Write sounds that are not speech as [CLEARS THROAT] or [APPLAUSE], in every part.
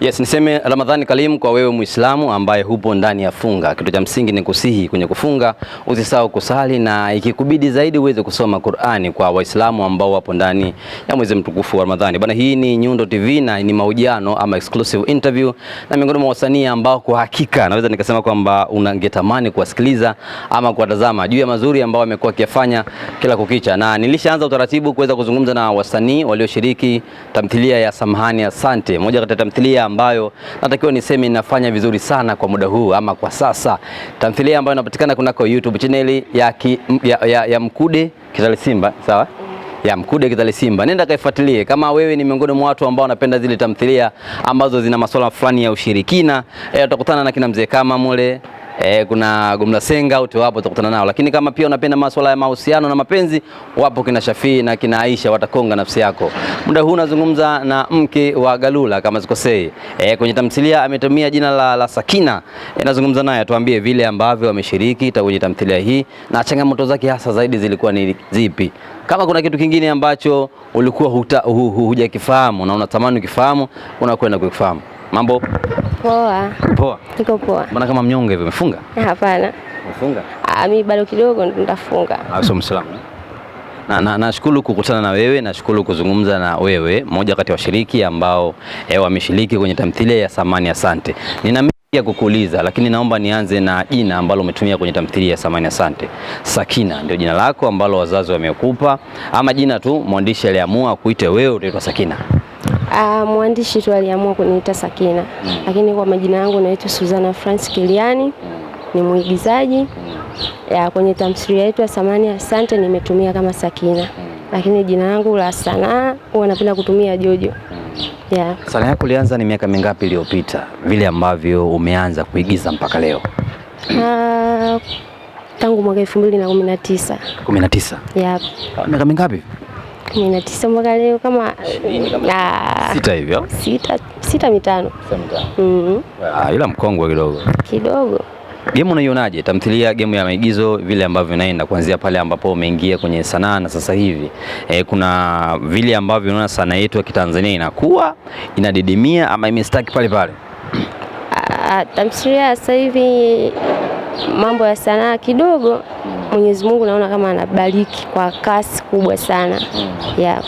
Yes, niseme Ramadhani Karimu kwa wewe Muislamu ambaye hupo ndani ya funga. Kitu cha msingi ni kusihi kwenye kufunga, usisahau kusali na ikikubidi zaidi uweze kusoma Qur'ani kwa Waislamu ambao wapo ndani ya mwezi mtukufu wa Ramadhani. Bana, hii ni Nyundo TV na ni mahojiano ama exclusive interview na miongoni mwa wasanii ambao kwa hakika naweza nikasema kwamba unangetamani kuwasikiliza ama kuwatazama juu ya mazuri ambao wamekuwa wakifanya kila kukicha. Na nilishaanza utaratibu kuweza kuzungumza na wasanii walioshiriki tamthilia ya Samahani Asante, moja kati ya tamthilia tamthilia ambayo natakiwa niseme inafanya vizuri sana kwa muda huu ama kwa sasa, tamthilia ambayo inapatikana kunako YouTube channel ya, ki, ya, ya, ya Mkude Kitale Simba, sawa ya Mkude Kitale Simba, nenda kaifuatilie. Kama wewe ni miongoni mwa watu ambao wanapenda zile tamthilia ambazo zina masuala fulani ya ushirikina, eh, utakutana na kina mzee kama mule E, kuna Gumla Senga wote wapo utakutana nao, lakini kama pia unapenda masuala ya mahusiano na mapenzi, wapo kina Shafii na kina Aisha watakonga nafsi yako. Muda huu nazungumza na mke wa Galula kama sikosei. E, kwenye tamthilia ametumia jina la, la Sakina. E, nazungumza naye atuambie vile ambavyo ameshiriki kwenye tamthilia hii na changamoto zake hasa zaidi zilikuwa ni zipi, kama kuna kitu kingine ambacho ulikuwa hujakifahamu na unatamani ukifahamu unakwenda kukifahamu. Mambo Poa. Poa. Niko poa. Mbona kama mnyonge hivi umefunga? Hapana. Umefunga? Ah, mimi bado kidogo nitafunga. Ah, so Na, na, nashukuru kukutana na wewe, nashukuru kuzungumza na wewe, mmoja kati ya washiriki ambao eh, wameshiriki kwenye tamthilia ya Samani Asante. Nina mengi ya kukuuliza, lakini naomba nianze na jina ambalo umetumia kwenye tamthilia ya Samani Asante. Sakina ndio jina lako ambalo wazazi wamekupa ama jina tu mwandishi aliamua kuite wewe utaitwa Sakina? Uh, mwandishi tu aliamua kuniita Sakina, mm. lakini kwa majina yangu naitwa Suzana France Kiliani, ni mwigizaji ya kwenye tamthilia yetu ya Samani Asante nimetumia kama Sakina, lakini jina langu la sanaa huwa napenda kutumia Jojo. Mm. Yeah. Sanaa yako ulianza ni miaka mingapi iliyopita vile ambavyo umeanza kuigiza mpaka leo? Uh, tangu mwaka 2019. 19. Yep. Miaka mingapi? 19 mpaka leo kama sita hivyo sita, sita mitano mm -hmm. Ah, ila mkongwe kidogo kidogo. Gemu unaionaje tamthilia, gemu ya maigizo vile ambavyo inaenda kuanzia pale ambapo umeingia kwenye sanaa na sasa hivi e, kuna vile ambavyo unaona sanaa yetu ya Kitanzania inakuwa inadidimia ama imestaki pale pale? Ah, tamthilia sasa hivi mambo ya sanaa kidogo, mm. Mwenyezi Mungu naona kama anabariki kwa kasi kubwa sana mm. yeah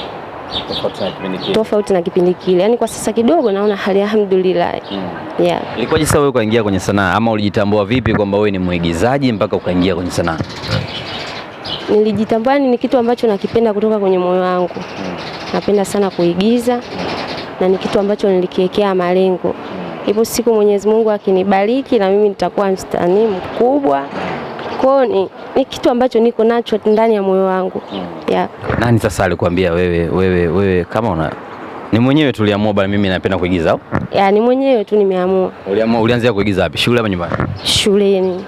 tofauti na kipindi kile, yaani kwa sasa kidogo naona hali alhamdulillah. Mm. Yeah. Ilikuwaje sasa wewe ukaingia kwenye sanaa ama ulijitambua vipi kwamba wewe ni mwigizaji mpaka ukaingia kwenye sanaa? Nilijitambua, yaani ni kitu ambacho nakipenda kutoka kwenye moyo wangu. Mm. Napenda sana kuigiza hmm. na ni kitu ambacho nilikiwekea malengo. Hmm. Hivyo siku Mwenyezi Mungu akinibariki na mimi nitakuwa msanii mkubwa. koni ni kitu ambacho niko nacho ndani ya moyo wangu mm. yeah. Nani sasa alikwambia wewe, wewe, wewe kama una ni mwenyewe tuliamua bali mimi napenda kuigiza au? Ya, ni mwenyewe tu nimeamua. Uliamua, ulianza kuigiza wapi? Shule ama nyumbani? Shuleni.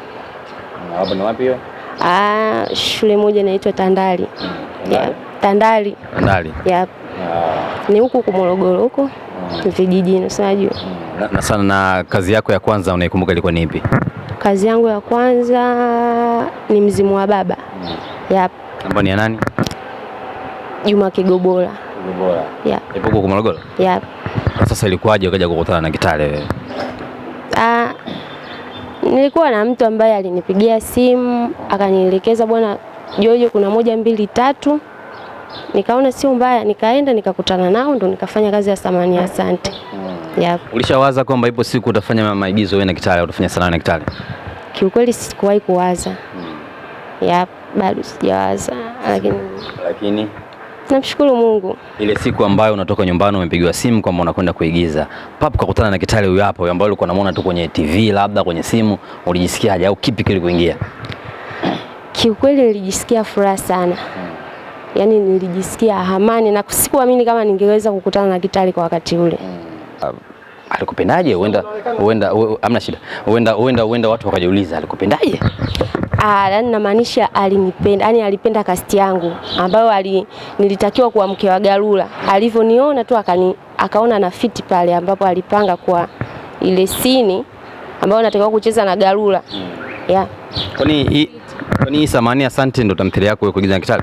Na hapo ni wapi hiyo? Ah, shule moja inaitwa Tandali. Mm, ya, Tandali. Tandali. Ya. Ah. Ni huku huko Morogoro huko mm. vijijini, unajua. Na sana na kazi yako ya kwanza unaikumbuka ilikuwa ni ipi? kazi yangu ya kwanza ni Mzimu wa Baba. Mm. Yep. Ambayo ni ya nani? Juma Kigobola. Kigobola. Yep. Ipo kwa Morogoro? Yep. Sasa ilikuwaje ukaja kukutana na Kitale wewe? Ah, nilikuwa na mtu ambaye alinipigia simu akanielekeza, bwana Jojo, kuna moja mbili tatu nikaona sio mbaya, nikaenda nikakutana nao, ndo nikafanya kazi ya samani ya asante. Hmm. Yep. Ulishawaza kwamba ipo siku utafanya maigizo wewe na Kitale, utafanya sanaa na Kitale? Kiukweli sikuwahi kuwaza. Hmm. Yep, bado sijawaza, lakini lakini namshukuru Mungu. Ile siku ambayo unatoka nyumbani umepigiwa simu kwamba unakwenda kuigiza, pap kakutana na Kitale huyo hapo ambaye ulikuwa unamwona tu kwenye TV labda kwenye simu, ulijisikiaje au kipi kilikuingia? Kiukweli nilijisikia furaha sana. Hmm yani nilijisikia amani na sikuamini kama ningeweza kukutana na Kitali kwa wakati ule. Mm. Ah, alikupendaje? Uenda uenda amna shida, Uenda uenda uenda watu wakajiuliza alikupendaje? Ah, yani namaanisha alinipenda, yani alipenda kasti yangu ambayo ali, nilitakiwa kuwa mke wa Galula. Alivyoniona tu akani, akaona na fiti pale ambapo alipanga kwa ile sini ambayo natakiwa kucheza na Galula. Mm. Yeah. Kwani Kwani samani asante ndo tamthilia yako kuigiza na Kitale?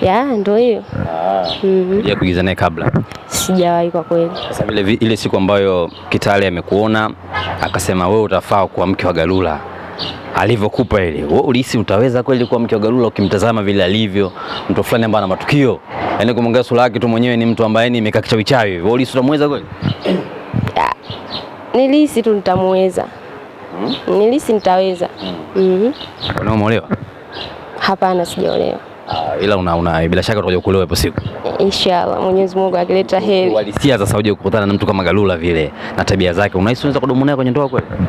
Ya, ndo hiyo. Ah. Mm. Ya kuigiza naye kabla. Sijawahi kwa kweli. Sasa vile ile siku ambayo Kitale amekuona akasema wewe utafaa kuwa mke wa Galula. Alivyokupa ile, wewe ulihisi utaweza kweli kuwa mke wa Galula ukimtazama vile alivyo, mtu fulani ambaye ana matukio. Yaani kumwangalia sura yake tu mwenyewe ni mtu ambaye ni yaani imekaa kichawi chawi. Wewe ulihisi utamweza kweli? Nilihisi tu nitamweza mm. nilisi nitaweza mm. Mhm. umeolewa? Hapana, sijaolewa. Uh, ila una, una bila shaka utakuja kuolewa hapo siku inshallah, Mwenyezi Mungu akileta heri. Walisia sasa uje kukutana na mtu kama Galula vile na tabia zake, unahisi unaweza kudumu naye kwenye ndoa kweli? mm.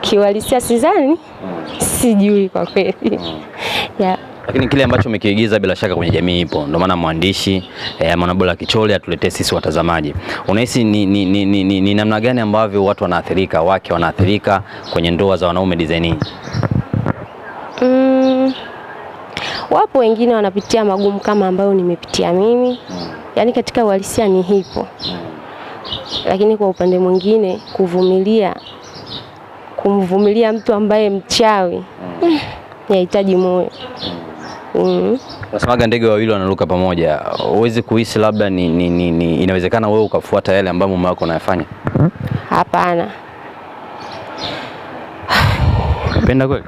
Kiwalisia sidhani, hmm. sijui kwa kweli hmm. [LAUGHS] yeah lakini kile ambacho umekiigiza bila shaka kwenye jamii ipo. Ndio maana mwandishi eh, Mwanabola Kichole atuletee sisi watazamaji. Unahisi ni, ni, ni, ni, ni, ni namna gani ambavyo watu wanaathirika, wake wanaathirika kwenye ndoa za wanaume design hii? Mm, wapo wengine wanapitia magumu kama ambayo nimepitia mimi, yaani katika uhalisia ni hipo lakini kwa upande mwingine kuvumilia kumvumilia mtu ambaye mchawi mm. [LAUGHS] yahitaji moyo mm. Unasemaga ndege wawili wanaruka pamoja, huwezi kuhisi labda ni, ni, ni, ni, inawezekana wewe ukafuata yale ambayo mume wako unayafanya? Hapana. Umempenda kweli?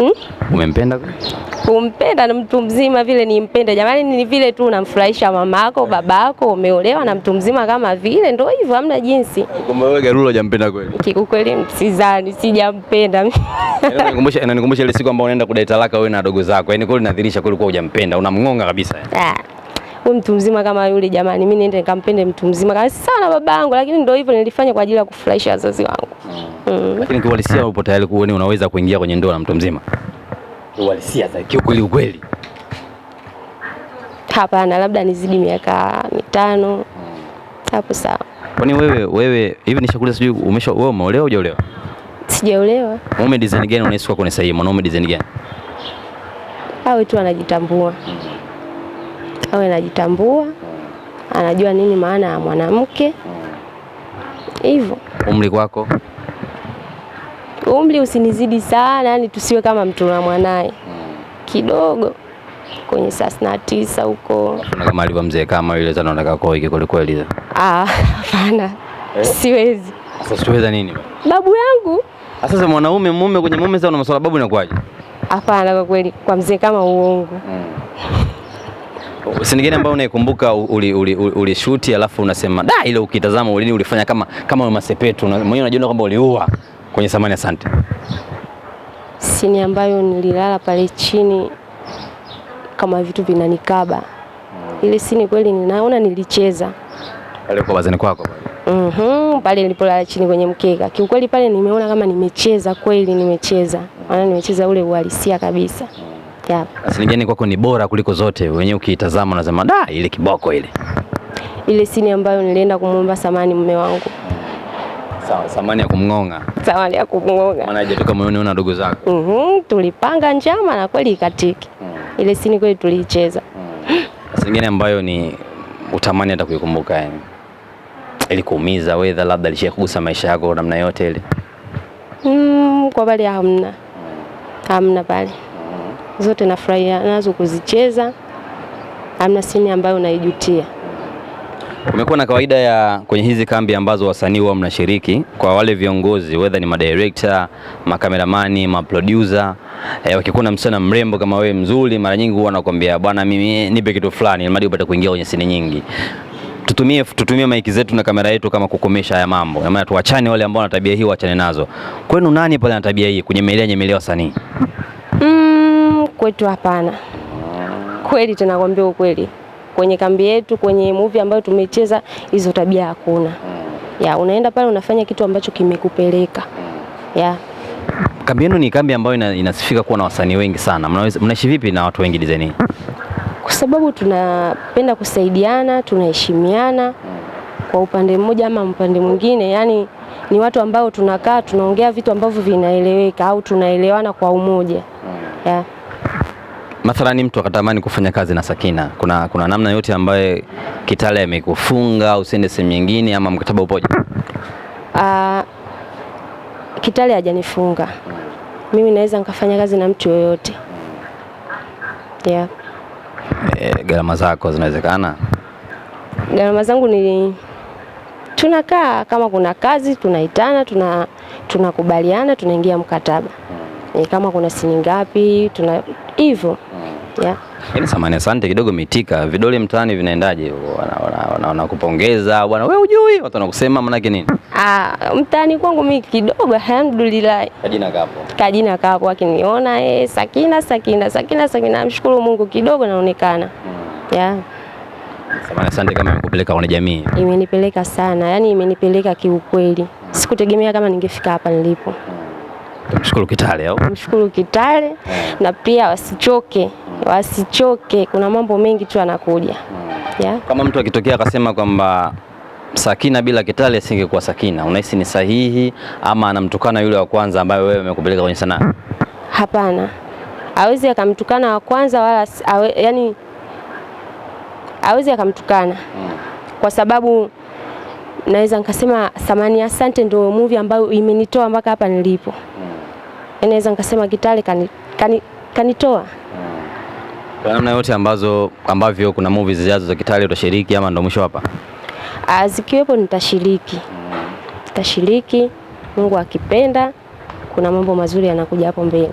Mm? Umempenda kweli? Kumpenda na mtu mzima vile ni nimpende, jamani, ni vile tu unamfurahisha mamako, babako, umeolewa na mtu mzima kama vile, ndio hivyo, hamna jinsi. Kumbe wewe Garulo hujampenda kweli? Kiukweli msizani, sijampenda. [LAUGHS] Inanikumbusha yaani inanikumbusha ile siku ambayo unaenda kudai talaka wewe na dogo zako, yaani kweli nadhirisha kweli kwa hujampenda, unamngonga kabisa ah, huyu mtu mzima kama yule. Jamani, mimi niende nikampende mtu mzima kama sana babangu, lakini ndio hivyo nilifanya kwa ajili ya kufurahisha wazazi wangu. Hmm. Lakini mm. Kiuhalisia upo tayari kuoni unaweza kuingia kwenye ndoa na mtu mzima? uhalisia za kiukweli ukweli? Hapana, labda nizidi miaka mitano hmm. hapo. Sawa. Kwani wewe wewe hivi nishakuuliza, sijui umesha wewe umeolewa au hujaolewa? Sijaolewa. Mume design gani unaishi kwako ni sahihi? Mwanaume design gani? Awe tu anajitambua, hmm. awe anajitambua, hmm. anajua nini maana ya mwanamke, hivyo. Umri kwako umri usinizidi sana, yani tusiwe kama mtu na mwanaye mm. kidogo kwenye thelathini na tisa huko kama alivyo mzee kama yule sana anataka koike kweli kweli. Ah, hapana eh? Siwezi. Sasa siweza nini? Babu yangu. Ah, sasa mwanaume mume kwenye mume sasa una masuala babu inakuwaje? Hapana, kwa kweli kwa mzee kama uongo hmm. Sinigeni ambayo unaikumbuka uli uli, uli, uli alafu unasema da ile ukitazama ulini ulifanya kama kama masepetu mwenyewe unajiona kwamba uliua kwenye samani. Asante. Sini ambayo nililala pale chini kama vitu vinanikaba, ile sini kweli ninaona nilicheza pale kwa bazani kwako pale. Mhm, pale nilipolala chini kwenye mkeka, kiukweli pale nimeona kama nimecheza kweli, nimecheza maana nimecheza ule uhalisia kabisa. Mm. Yep. Sini gani kwako ni bora kuliko zote? Wenyewe ukiitazama unasema da, ile kiboko ile ile sini ambayo nilienda kumwomba samani mume wangu Sawa, samani ya kumng'ong'a, samani ya kumng'ong'a, maana haijatoka moyoni na ndugu zako. mm tulipanga njama na kweli ikatiki. mm ile sini kweli tuliicheza. mm Singine ambayo ni utamani hata kuikumbuka, yani ili kuumiza wewe, labda kugusa maisha yako namna yote ile? mm, kwa bali hamna, hmm. hamna pale. Hmm. Zote nafurahia nazo kuzicheza, hamna sini ambayo unaijutia. Kumekuwa na kawaida ya kwenye hizi kambi ambazo wasanii huwa mnashiriki, kwa wale viongozi whether ni madirekta, makameramani, maproducer eh, wakikuwa na msichana mrembo kama wewe mzuri, mara nyingi huwa wanakuambia bwana, mimi nipe kitu fulani ili upate kuingia kwenye sini nyingi. Tutumie, tutumie maiki zetu na kamera yetu kama kukomesha haya mambo, maana tuachane wale ambao wana tabia hii, waachane nazo. Kwenu nani pale ana tabia hii kunyemelea nyemelea wasanii? Mm, kwetu hapana. Kweli tunakwambia ukweli kwenye kambi yetu, kwenye movie ambayo tumecheza, hizo tabia hakuna. Mm. Ya, unaenda pale unafanya kitu ambacho kimekupeleka. Mm. Ya. Kambi yenu ni kambi ambayo ina, inasifika kuwa na wasanii wengi sana. Mnaishi vipi na watu wengi design? Kwa sababu tunapenda kusaidiana, tunaheshimiana mm. kwa upande mmoja ama upande mwingine, yani ni watu ambao tunakaa tunaongea vitu ambavyo vinaeleweka au tunaelewana kwa umoja. Ya mathalani mtu akatamani kufanya kazi na Sakina, kuna, kuna namna yote ambayo Kitale amekufunga au usiende sehemu nyingine ama mkataba upoje? Uh, Kitale hajanifunga mimi, naweza nikafanya kazi na mtu yoyote yeah. E, gharama zako zinawezekana? Gharama zangu ni tunakaa kama kuna kazi tunaitana, tuna tunakubaliana, tunaingia mkataba e, kama kuna sini ngapi tuna hivyo yeah. Yaani samani asante kidogo mitika vidole mtaani vinaendaje? Wanakupongeza bwana, wewe hujui, watu wanakusema manake nini? Ah, mtaani kwangu mimi kidogo, alhamdulillah, kajina kapo, kajina kapo, akiniona eh, Sakina Sakina Sakina Sakina, namshukuru Mungu kidogo naonekana mm. yeah. Samani asante, kama imekupeleka kwenye jamii? Imenipeleka sana, yaani imenipeleka kiukweli, mm. sikutegemea kama ningefika hapa nilipo. mshukuru Kitale au? Mshukuru Kitale yeah. Mm. na pia wasichoke wasichoke, kuna mambo mengi tu yanakuja. Hmm. Yeah. Kama mtu akitokea akasema kwamba Sakina bila Kitale asingekuwa Sakina, unahisi ni sahihi ama anamtukana yule wa kwanza ambaye wewe umekupeleka kwenye sanaa? Hapana, hawezi akamtukana wa kwanza wala awe, yani hawezi akamtukana hmm. kwa sababu naweza nikasema Samani Asante ndio movie ambayo imenitoa mpaka hapa nilipo. Hmm. Naweza nikasema Kitale kanitoa kani, kani kwa namna yote ambazo ambavyo kuna movies zijazo za Kitale utashiriki ama ndo mwisho hapa? Ah, zikiwepo nitashiriki, nitashiriki Mungu akipenda, kuna mambo mazuri yanakuja hapo mbele.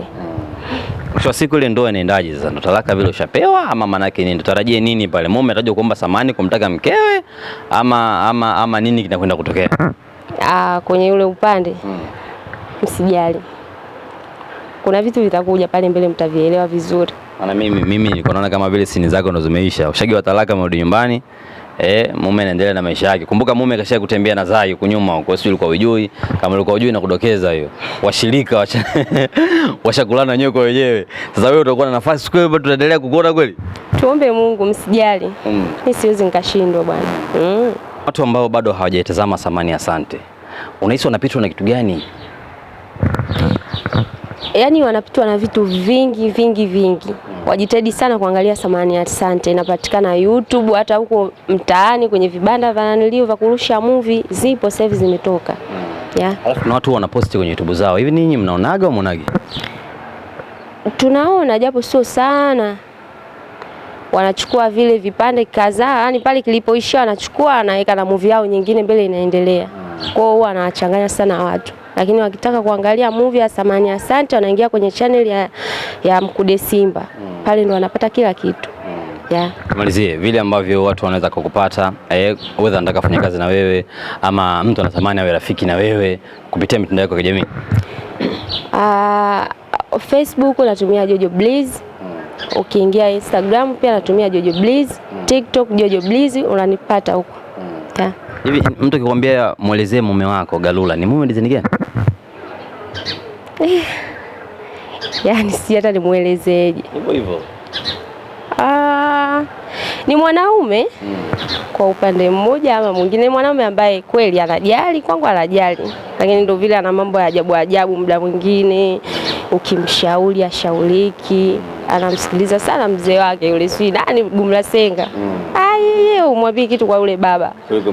Mwisho wa siku ile ndoa inaendaje sasa? Ndo talaka vile ushapewa ama manake nini? Tutarajie nini pale? Mume ataje kuomba samani kumtaka mkewe ama, ama, ama nini kinakwenda kutokea? Ah, kwenye ule upande hmm. msijali, kuna vitu vitakuja pale mbele, mtavielewa vizuri. Maana mimi mimi niko naona kama vile sini zako ndo zimeisha. wa talaka, mrudi nyumbani. Eh, mume anaendelea na maisha yake. Kumbuka mume kashia kutembea na zai huko nyuma huko, sio ulikuwa ujui, kama ulikuwa ujui na kudokeza hiyo. Washirika [LAUGHS] washakulana wenyewe kwa wenyewe. Sasa wewe utakuwa na nafasi siku hiyo tutaendelea kukuona kweli? Tuombe Mungu msijali. Mm. Mimi siwezi nikashindwa bwana. Mm. Watu ambao bado hawajaitazama thamani ya Asante. Unahisi wanapitwa na kitu gani? yani wanapitwa na vitu vingi vingi vingi, wajitahidi sana kuangalia samani ya Asante. Inapatikana YouTube, hata huko mtaani kwenye vibanda vya nanilio vya kurusha movie zipo sasa hivi zimetoka. Yeah. Na watu wanaposti kwenye YouTube zao. Hivi ninyi mnaonaga au mwanage? Tunaona japo sio sana. Wanachukua vile vipande kadhaa, yani pale kilipoishia wanachukua anaweka na movie yao nyingine mbele inaendelea. Kwa hiyo huwa anawachanganya sana watu lakini wakitaka kuangalia movie ya Samani Asante wanaingia kwenye channel ya, ya Mkude Simba mm. pale ndo wanapata kila kitu. Mm. Yeah. Malizie vile ambavyo watu wanaweza kukupata eh, whether anataka kufanya kazi na wewe ama mtu anatamani awe rafiki na wewe kupitia mitandao yako ya kijamii. Uh, [CLEARS THROAT] Facebook natumia Jojo Bliss. Mm. Ukiingia Instagram pia natumia Jojo Bliss, TikTok Jojo Bliss unanipata huko. Hivi mtu akikwambia mwelezee mume wako Galula, ni mume design gani? Eh. yaani si hata nimwelezeje. Hivyo hivyo. Ah, ni mwanaume mm. Kwa upande mmoja ama mwingine, mwanaume ambaye kweli anajali, kwangu anajali, lakini ndio vile ana mambo ya ajabu ajabu. Muda mwingine ukimshauri ashauriki, hmm. anamsikiliza sana mzee wake yule, si nani Gumla Senga mm. Yeye umwambie kitu kwa yule baba kuliko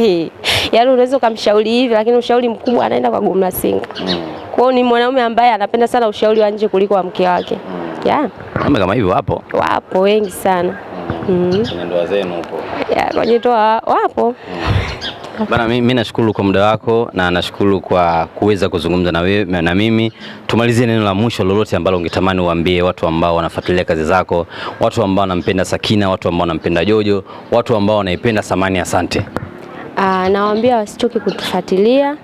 eh. Yaani unaweza ukamshauri hivi, lakini ushauri mkubwa anaenda kwa Gumla Senga mm. Kwa ni mwanaume ambaye anapenda sana ushauri wa nje kuliko wa mke wake. Mm. Yeah. Wanaume kama hivyo wapo, wapo wengi sana mm. Mm. kwenye ndoa zenu huko, kwenye ndoa wapo. Bana, mimi nashukuru kwa muda wako na nashukuru kwa kuweza kuzungumza na wewe na mimi. Tumalizie neno la mwisho lolote ambalo ungetamani uambie watu ambao wanafuatilia kazi zako, watu ambao wanampenda Sakina, watu ambao wanampenda Jojo, watu ambao wanaipenda Samani. Asante. Ah, nawaambia wasichoke kutufuatilia,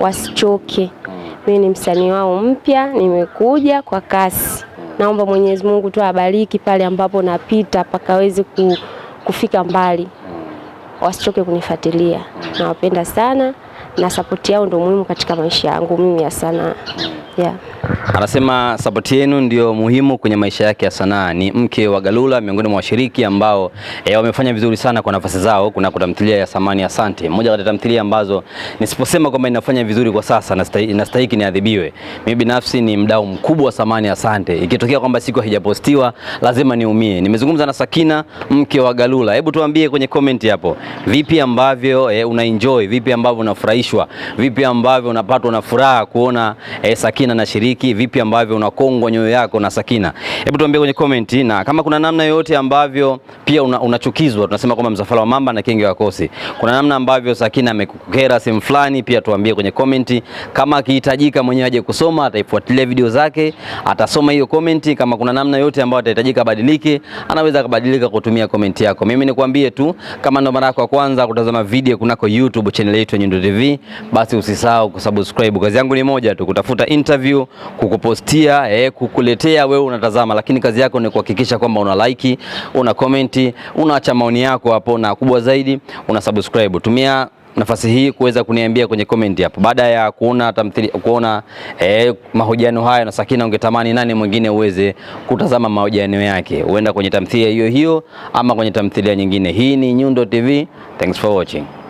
wasichoke mimi ni msanii wao mpya, nimekuja kwa kasi. Naomba Mwenyezi Mungu tu abariki pale ambapo napita pakaweze ku, kufika mbali, wasichoke kunifuatilia. Nawapenda sana na sapoti yao ndio muhimu katika maisha yangu mimi ya sanaa. Yeah. Anasema sapoti yenu ndio muhimu kwenye maisha yake ya sanaa. Ni mke wa Galula miongoni mwa washiriki ambao eh, wamefanya vizuri sana kwa nafasi zao. Kuna tamthilia ya Samani Asante, mmoja kati ya tamthilia ambazo nisiposema kwamba inafanya vizuri kwa sasa nastahiki niadhibiwe. Mimi binafsi ni mdau mkubwa wa Samani Asante, ikitokea kwamba siku haijapostiwa lazima niumie. Nimezungumza na Sakina, mke wa Galula. Hebu tuambie kwenye comment hapo, vipi ambavyo eh, una enjoy, vipi ambavyo unafurahishwa, vipi ambavyo unapatwa na furaha kuona eh, Sakina Sakina na Shiriki, vipi ambavyo unakongwa nyoyo yako na Sakina? Hebu tuambie kwenye comment, na kama kuna namna yoyote ambavyo pia unachukizwa una tunasema kwamba msafara wa mamba na kenge wa kosi, kuna namna ambavyo Sakina amekukera sehemu fulani, pia tuambie kwenye comment. Kama akihitajika mwenyewe aje kusoma, ataifuatilia video zake, atasoma hiyo comment. Kama kuna namna yoyote ambayo atahitajika abadilike, anaweza akabadilika kutumia comment yako. Mimi nikwambie tu, kama ndo mara yako ya kwanza kutazama video kunako YouTube channel yetu ya Nyundo TV, basi usisahau kusubscribe. Kazi yangu ni moja tu, kutafuta internet interview, kukupostia eh, kukuletea wewe unatazama, lakini kazi yako ni kuhakikisha kwamba una like, una comment, unaacha maoni yako hapo, na kubwa zaidi una subscribe. Tumia nafasi hii kuweza kuniambia kwenye comment hapo, baada ya kuona tamthili, kuona eh, mahojiano haya na Sakina, ungetamani nani mwingine uweze kutazama mahojiano yake, huenda kwenye tamthilia hiyo hiyo ama kwenye tamthilia nyingine. Hii ni Nyundo TV, thanks for watching.